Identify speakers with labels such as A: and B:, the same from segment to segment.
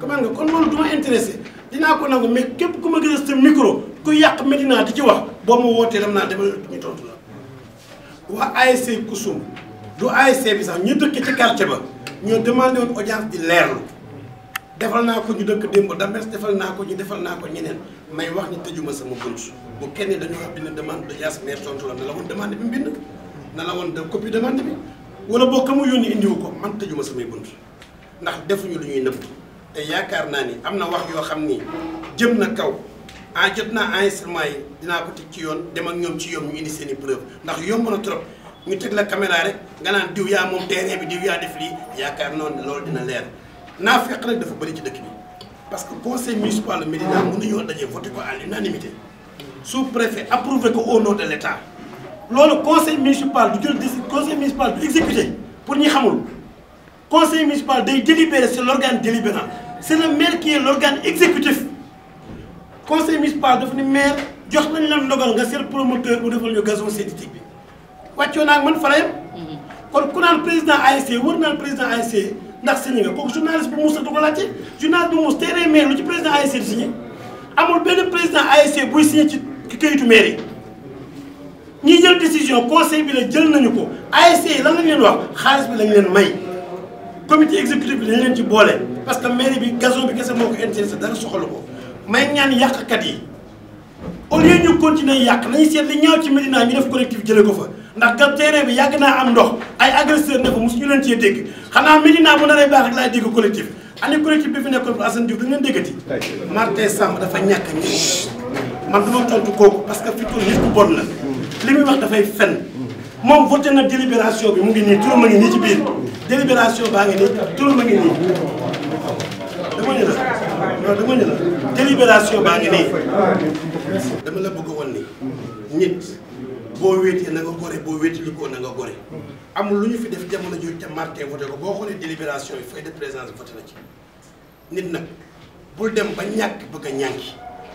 A: comment nga kon loolu du ma intéressé dinaa ko nangu mais képp ku ma gën a sa micro ku yàq Medina di ci wax boo ma wootee dam naa demal ñu tontu la waa ASC Koussoum du ASC bi sax ñu dëkk ci quartier ba ñoo demandé woon audience di leerlu defal naa ko ñu dëkk démb dames defal naa ko ñu defal naa ko ñeneen may wax ni tëjuma sama bunt bu kenn dañoo bind demande d'audience maire tontu la na la woon demande mu bind na woon de copie demande bi wala boo ka mu yónni indiwu ko man tëjuma samay bunt ndax defuñu lu ñuy nëbb te yaakaar naa ni am na wax yoo xam ni jëm na kaw ah jot naa enregistrement yi dinaa ko teg ci yoon dem ñoom ci yoon ñu indi seen i preuve ndax yomb na trop ñu teg la caméra rek nga naan diw yaa moom terrain bi diw yaa def lii yaakaar noonu loolu dina leer naa fekk nag dafa bëri ci dëkk bi parce que conseil municipal de Médina mënuñoo daje voté ko à l'unanimité sous préfet approuvé ko au nom de l'État loolu conseil municipal du jël conseil municipal du exécuté pour ñi xamul conseil municipal day délibéré c'est l'organe délibérant c'est le maire qui est l'organe exécutif conseil municipal dafa ni maire jox nañ la ndogal nga seet promoteur bu defal ñu gazon synthétique bi wàccoo naa man farayam mhm. kon ku naan président ASC wër naan président ASC ndax signé nga kooku journaliste bu muus a du ko laajte journaliste bu muus terrain maire lu ci président ASC di signé amul benn président ASC buy signé ci këyitu maire yi ñiy jël décision conseil bi la jël nañu ko ASC lan lañ leen wax xaalis bi lañ leen may comité exécutif bi dañ leen ci boole parce que mairie bi gazon bi kese moo ko intéressé dara soxalu ko yi au lieu ñu continuer yàq nañu seet li ñaaw ci Médina ñu def collectif jële ko fa ndax gal terrain bi yàgg naa am ndox ay agresseur ne fa mosuñu leen cee dégg xanaa Médina bu naree rek laay dégg collectif ani collectif bi fi nekkoon Assane Diouf dañ leen déggati Martin Samb dafa ñàkk ñi man duma tontu kooku parce que fi tool nit bon la li muy wax dafay fen moom voté na délibération bi mu ngi nii turam délibération baa ngi nii turam a ngi nii dama ñu la non dama ñu la délibération baa ngi nii dama la bëgg woon ni nit boo wéetee na nga gore boo wéeti li ko na gore amul lu ñu fi def jamono jooju te Martin voté ko boo xoolee délibération yi feuille de présence voté na ci nit nag bul dem ba ñàkk bëgg a ñànki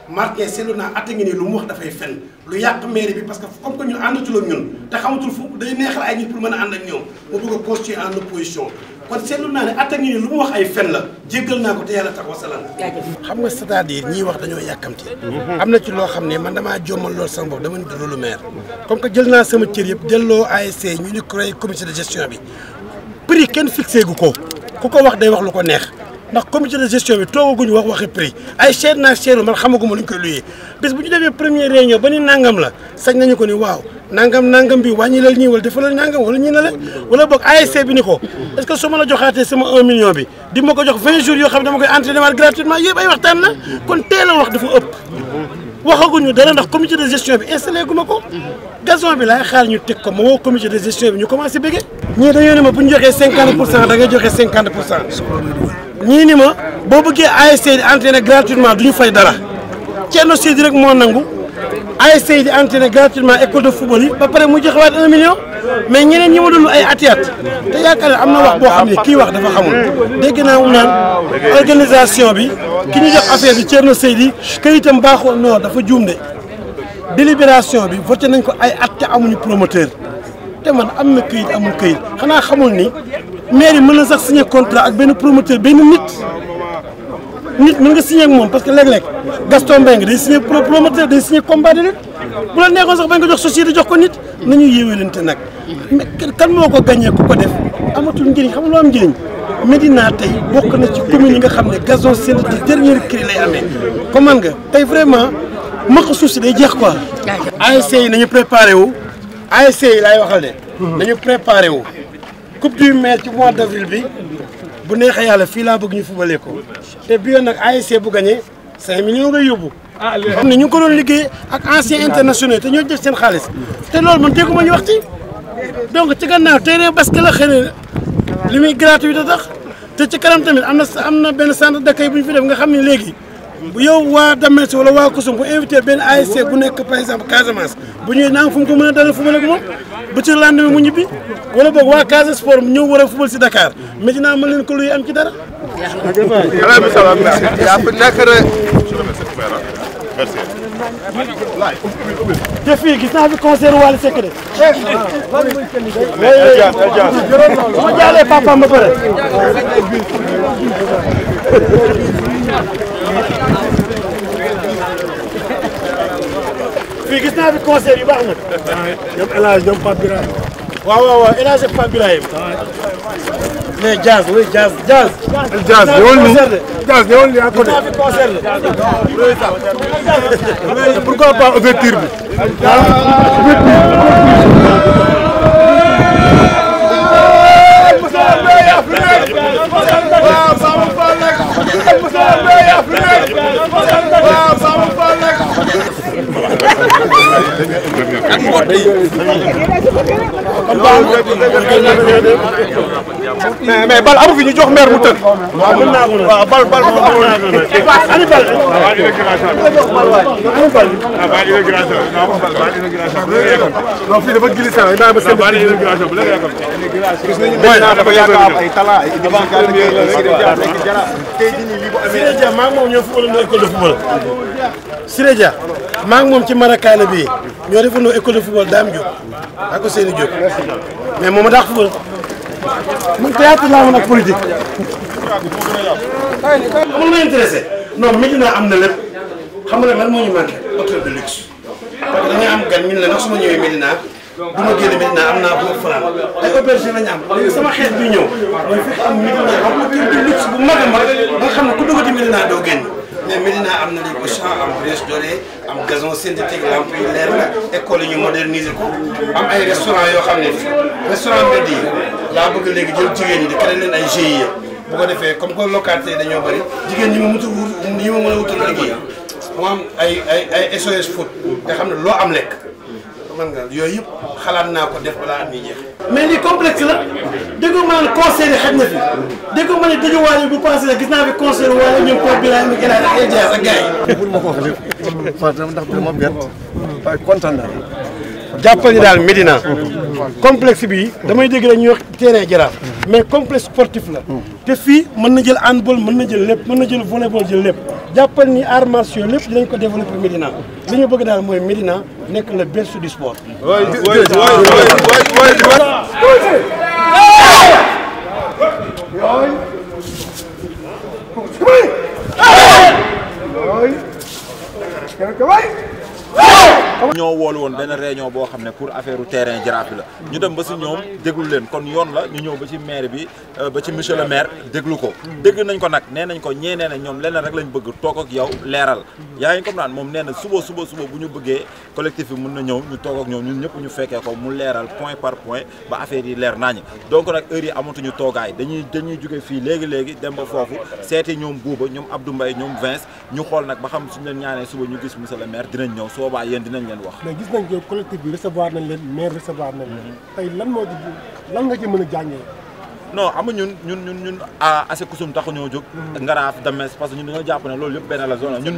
A: Martin seetlu naa atta ngi nii lu mu wax dafay fen lu yàq mairie bi parce que comme que ñun te xamatul fu day neexal ay a ànd ak ñoom mu bëgg a constituer en opposition kon seetlu naa ne atta ngi nii lu mu wax ay fen la jéggal naa ko te yàlla tax wasalaam xam nga c'est-à-dire ñiy wax dañoo yàkkamti am na ci loo xam ne man dama jommal loolu sama bopp dama ni du loolu maire comme que jël naa sama cër yëpp delloo ASC ñu ni créé de gestion bi prix kenn fixé gu ko ku ko wax day wax lu ko neex ndax comité de gestion bi toogaguñu wax waxi prix ay seet naa seeru man xamaguma lu ñu koy luyee bis bu ñu defee première réunion ba ni nangam la sañ nañu ko ni waaw nangam nangam bi wàññi lal ñii wala defalal nangam wala ñi ne la wala boog ASC bi ni ko est ce ma la joxaatee sama 1 million bi di ma ko jox 20 jours yoo xam ne dama koy entraînement gratuitement yëpp ay waxtaan la a wax dafa ëpp waxaguñu dara ndax comité de gestion bi installé gu ma ko gazon bi laay xaar ñu teg ko ma woo ñu commencé bége ñii ñu joxee 50 pour cent da ngay joxe 50 pour ñii nii ma boo bëggee ASC di entraîner gratuitement du ñu fay dara Thierno Seydi rek moo nangu ay di entraîner gratuitement école de football yi ba pare mu joxewaat un million mais ñeneen ñi ma doon ay atiat te yaakaar naa am na wax boo xam ne kii wax dafa xamul dégg naa mu naan organisation bi ki ñu jox affaire bi Thierno Seydi këyitam baaxul non dafa juum de délibération bi voté nañ ko ay at te amuñu promoteur te man am na këyit amul këyit xanaa xamul ni mairie mën na sax signé contrat ak benn promoteur benn nit nit mën nga signé ak moom parce que léeg-léeg Gaston Mbengue day promoteur day signé combat de lutte bu la neexoon sax bañ ko jox société jox ko nit nañu yéewalante nag mais kan moo ko gagné ko ko def amatul njëriñ xam nga lu am njëriñ Médina tey bokk na ci commune yi nga xam ne gazon synthétique dernier cri lay amee comment nga tey vraiment maq suuf si day jeex quoi. ASC yi nañu préparé wu ASC yi laay waxal de. Hmm. nañu préparé wu. coupe du mai ci mois d' bi bu neexee yàlla fii laa bëgg ñu fubalee ko te bi yoon nag ASC bu gagné 5 millions ngay yóbbu. Ah, xam ne ñu ngi ko doon liggéey ak anciens internationaux te ñoo def seen xaalis te loolu man déggu ma ñu wax ci donc ci gannaaw terrain basket la xëy na li muy gratuit tax te ci kanam tamit am na am na benn centre d'accueil bu ñu fi def nga xam ni léegi. bu yow waa Dames wala waa Kosoom bu invité benn ASC bu nekk par exemple Casamance bu ñuy naan fu mu ko mën a dalal fu mu nekk moom ba ci lendemain mu ñibbi wala boog waa Casa Sport ñëw war a fubal si Dakar mais dinaa mën leen ko luy am ci dara. te fii gis naa fi concert Wally Seck
B: ba pare.
A: fii gis naa fi concert yu baax nag. ñoom El Hadj ñoom Pape Birahim. waaw waaw waaw El Hadj ak Pape Birahim. mais jazz oui jazz jazz. jazz ñëwal nii jazz ñëwal nii à côté. pourquoi pas ouverture bi. mais mais bal amu fi ñu jox maire mu tënk.
B: waaw mën naa ko waaw
A: bal bal moom amul. ani bal. waaw waa inauguration bi. amul bal. waaw ah, waa inauguration bi. non amul bal waa inauguration bi. non fii dafa gili sa daa ba seen. waaw waa inauguration bi la nga yàggal. gis nañu béy naa dafa yàgg am ay talent ay émission gàllankoor. maa ngi moom ñoo football école de football. Siré Dia maa ngi moom ci Marakaana bi ñoo defandoo école de football Dame Diop ak Ousseynou Diop mais moom a dàq football.
B: man théâtre laa mën ak politique.
A: amul la intéressé non Médina am na lépp xam nga lan moo ñu manqué hôtel de luxe parce que da ngay am gan ñu ne su ma ñëwee Médina bu ma génne bu ma fanaan ay auberge lañu am sama xeet bi ñëw mooy fexe a xam ne ku duggati Médina doo génn. mais am na léegi champs am brise dorée am gazon synthétique lampe ko
B: am ay restaurant yoo xam ne restaurant mbedd yi
A: laa bëgg léegi jël jigéen ñi di créer leen ay GIE bu ko defee comme que localité dañoo bëri jigéen ñi ma mutu ñi ma mën a wutal liggéey mu am ay ay ay SOS foot nga xam ne loo am lekk man yooyu yëpp xalaat naa ko def balaa am ñuy jeex
B: mais lii complexe la
A: déggoo ma ne conseil xaj na fi déggoo ma ne dëju waale bu passé la gis naa fi conseil waale ñoom Pape Birahim mi gën a ak ay jaas ak gars ma ko wax lépp. Fatou ndax dama bett waaye kontaan jàppal ni daal Médina complexe bi damay dégg rek ñuy wax terrain mais complexe sportif la te fii mën na jël handball mën na jël lépp mën na jël volleyball jël lépp jàppal ni arts martiaux lépp dinañ ko développer Médina li bëgg daal mooy Médina nekk le berceau du sport
B: ñoo woolu woon benn réunion boo xam ne pour affaire terrain Jaraaf bi la ñu dem ba si ñoom déglu leen kon yoon la ñu ñëw ba ci maire bi euh, ba ci monsieur le maire déglu ko dégg nañ ko nag nee nañ ko ñee nee na leneen rek lañ bëgg toog ak yow leeral yaa ngi comprendre moom nee na suba suba suba bu ñu bëggee collectif bi mun na ñëw ñu toog ak ñoom ñun ñëpp ñu fekkee ko mu leeral point par point ba affaire yi leer nañ donc nag heure yi amatuñu toogaay dañuy dañuy jóge fii léegi-léegi dem ba foofu seeti ñoom buuba ñoom Abdou Mbaye ñoom Vince ñu xool nag ba xam suñu leen ñaanee suba ñu gis monsieur le maire dinañ ñëw soobaa leen wax.
A: mais gis nañ que bi recevoir nañ leen maire recevoir nañ leen. Mm-hmm. tey lan moo ci lan nga ci mën a jàngee.
B: non xam ñun ñun ñun ñun assez kusum taxu ñoo jóg mm-hmm. ngaraaf dames parce que ñun dañoo jàpp ne loolu yëpp benn la zone ñun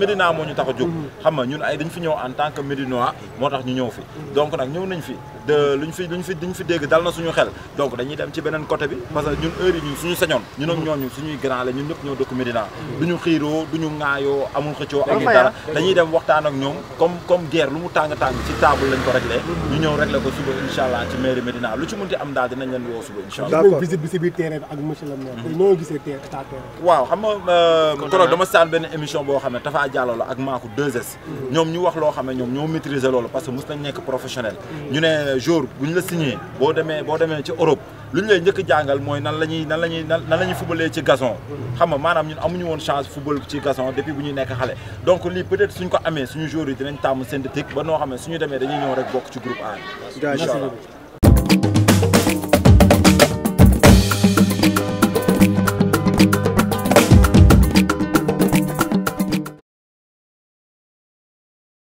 B: Médina moo ñu tax a jóg mm-hmm. xam nga ñun ay dañ fi ñëw en tant que Médinois moo tax ñu ñëw fi mm-hmm. donc nag ñëw nañ fi de luñ fi fi duñ fi dégg dal na suñu xel donc dañuy dem ci beneen côté bi parce que ñun heure yi ñun suñu sañoon ñun ak ñooñu suñuy grand la ñun ñëpp ñoo dëkk Médina duñu xiiroo duñu ŋaayoo amul xëccoo amul dara ah. dañuy dem waxtaan ak ko ñu ñëw réglé ko d'accord visite bi si waaw xam nga euh, dama saan benn émission boo xam ne Tafa Diallo la ak Maako 2 mhm. ñoom ñu wax loo xam ne ñoom ñoo maîtriser loolu parce que mos nañ nekk professionnel. Mhm. ñu ne euh, jour bu ñu la signé boo demee ci Europe. lu ñu lay njëkk jàngal mooy nan la ñuy nan la ñuy nan la ñuy fubalee ci gazon mhm. xam nga maanaam ñun amuñu woon chance fubal ci gazon depuis bu ñuy nekk xale donc lii peut-être suñ ko amee suñu joueurs yi dinañ tàmm synthétique ba noo xam ne suñu demee dañuy ñëw rek bokk ci